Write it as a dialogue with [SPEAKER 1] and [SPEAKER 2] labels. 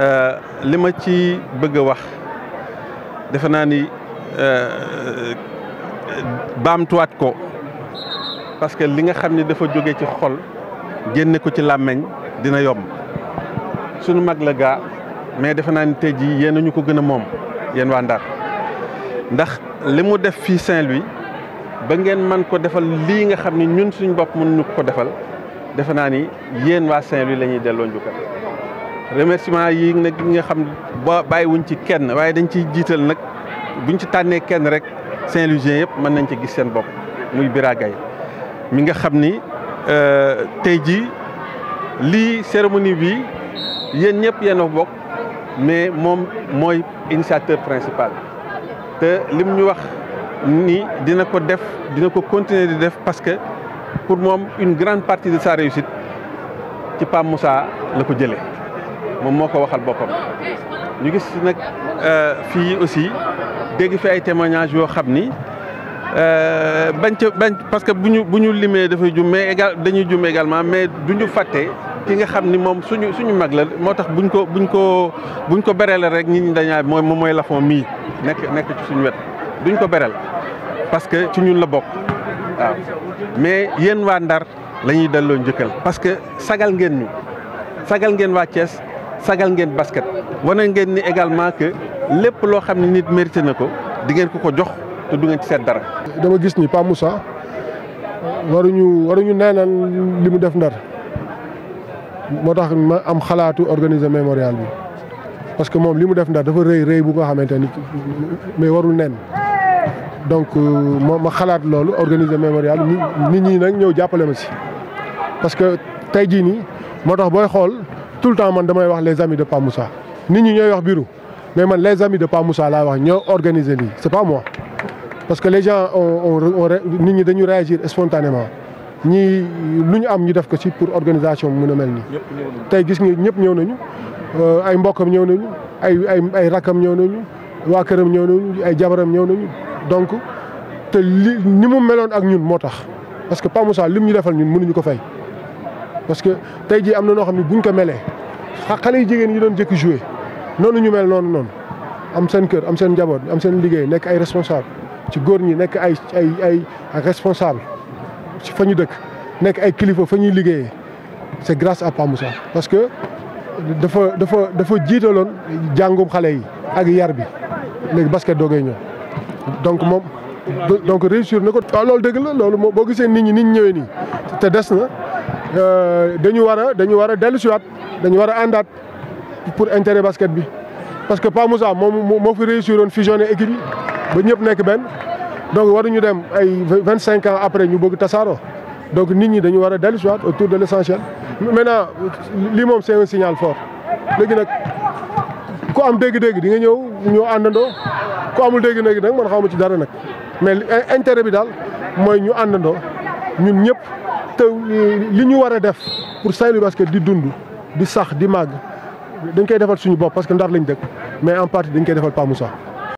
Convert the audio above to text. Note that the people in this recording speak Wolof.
[SPEAKER 1] Euh, li ma ci bëgg a wax defe naa ni euh, baamtuwaat ko parce que li nga xam ni dafa jóge ci xol génne ko ci làmmeñ dina yomb sunu mag la gaa mais defe naa ni tey jii yéen ñu ko gën a moom yenn waa Ndar ndax li mu def fii Saint-Louis ba ngeen man ko defal lii nga xam ni ñun suñu bopp mënuñu ko defal defe naa ni yéen waa Saint-Louis la ñuy delloo njukkal remerciement yi nag nga xam ba bàyyiwuñ ci kenn waaye dañ ciy jiital nag buñ ci tànnee kenn rek Saint-Louisien yëpp man nañ ci gis seen bopp muy Bira Gaye mi nga xam ni euh, tey jii lii cérémonie bi yéen ñëpp yéen a bokk mais moom mooy initiateur principal te lim ñu wax ni dina ko def dina ko continuer di def parce que pour moom une grande partie de sa réussite ci Pape Moussa la ko jëlee. moom moo ko waxal boppam ñu gis nag euh, fii aussi dégg fi ay témoignages yoo xam ni euh, bañ ca bañ parce que bu ñu bu ñu limee dafay jum mais égal dañuy jum également mais du ñu fàtte ki nga xam ni moom suñu suñu mag la moo tax buñ ko buñ ko buñ ko bereel rek nit ñi dañaa mooy moom mooy Lafon mii nekk nekk ci suñu wet duñ ko bereel parce que ci ñun la bokk waaw mais yéen waa Ndar lañuy ñuy delloo njëkkal parce que sagal ngeen ñu sagal ngeen waa Thiès sagal ngeen basket wane ngeen ni également que lépp loo xam ne nit mérité na ko di ngeen ko ko jox te du ngeen ci seet dara.
[SPEAKER 2] dama gis ni Pa Moussa waruñu waruñu neenaan li mu def ndar moo tax ma am xalaatu organiser mémorial bi parce que moom li mu def ndar dafa rëy rëy bu nga xamante ni mais warul nen donc euh, ma xalaat loolu organiser mémorial nit ñi nag ñëw jàppale ma si parce que tey jii nii moo tax booy xool. tout le temps man damay wax les amis de Pa Moussa nit ñi ñooy wax Birou mais man les amis de Pa Moussa laa wax ñoo organiser lii c'est pas moi. parce que les gens nit ñi dañu réagir spontanément ñii lu ñu am ñu def ko si pour organisation mën a mel nii. tey gis nga ñëpp ñëw nañu euh, ay mbokkam ñëw nañu ay ay ay rakkam ñëw nañu waa këram ñëw nañu ay jabaram ñëw nañu donc te lii ni mu meloon ak ñun moo tax parce que Pa li mu ñu defal ñun mënuñu ko fay. parce que tey jii am na noo xam ne buñ ko melee xale yu jigéen yi doon jëkk jouer noonu ñu mel noonu noonu am seen kër am seen njaboot am seen liggéey nekk ay responsable ci góor ñi nekk ay ay ay responsable ci fa ñu dëkk nekk ay kilifa fa ñuy liggéeye c'est grace à Pa Moussa parce que dafa dafa dafa jiitaloon jàngum xale yi ak yar bi léegi basket doogay ñëw donc moom donc réussir na ko waaw loolu dëgg la loolu moom boo gisee nit ñi nit ñëwee nii te des na Euh, dañu war a dañu war a dellu dañu war a àndaat pour intérêt basket bi parce que Pa Moussa moom moo fi réussir woon fusionner équipe ba ñëpp nekk benn donc waruñu dem ay vingt cinq ans après ñu bëgg tasaaroo donc nit ñi dañu war a dellu siwaat autour de l' essentiel maintenant lii moom seen est un léegi nag ku am dégg-dégg di nga ñëw ñoo àndandoo ku amul dégg-dégg nag man xawma ci dara nag mais intérêt bi daal mooy ñu àndandoo ñun ñëpp te eh, li ñu war a def pour Saint-Louis di dund di sax di màgg dañ koy defal suñu bopp parce que ndar lañ dëkk mais en partie dañ koy defal Pa Moussa.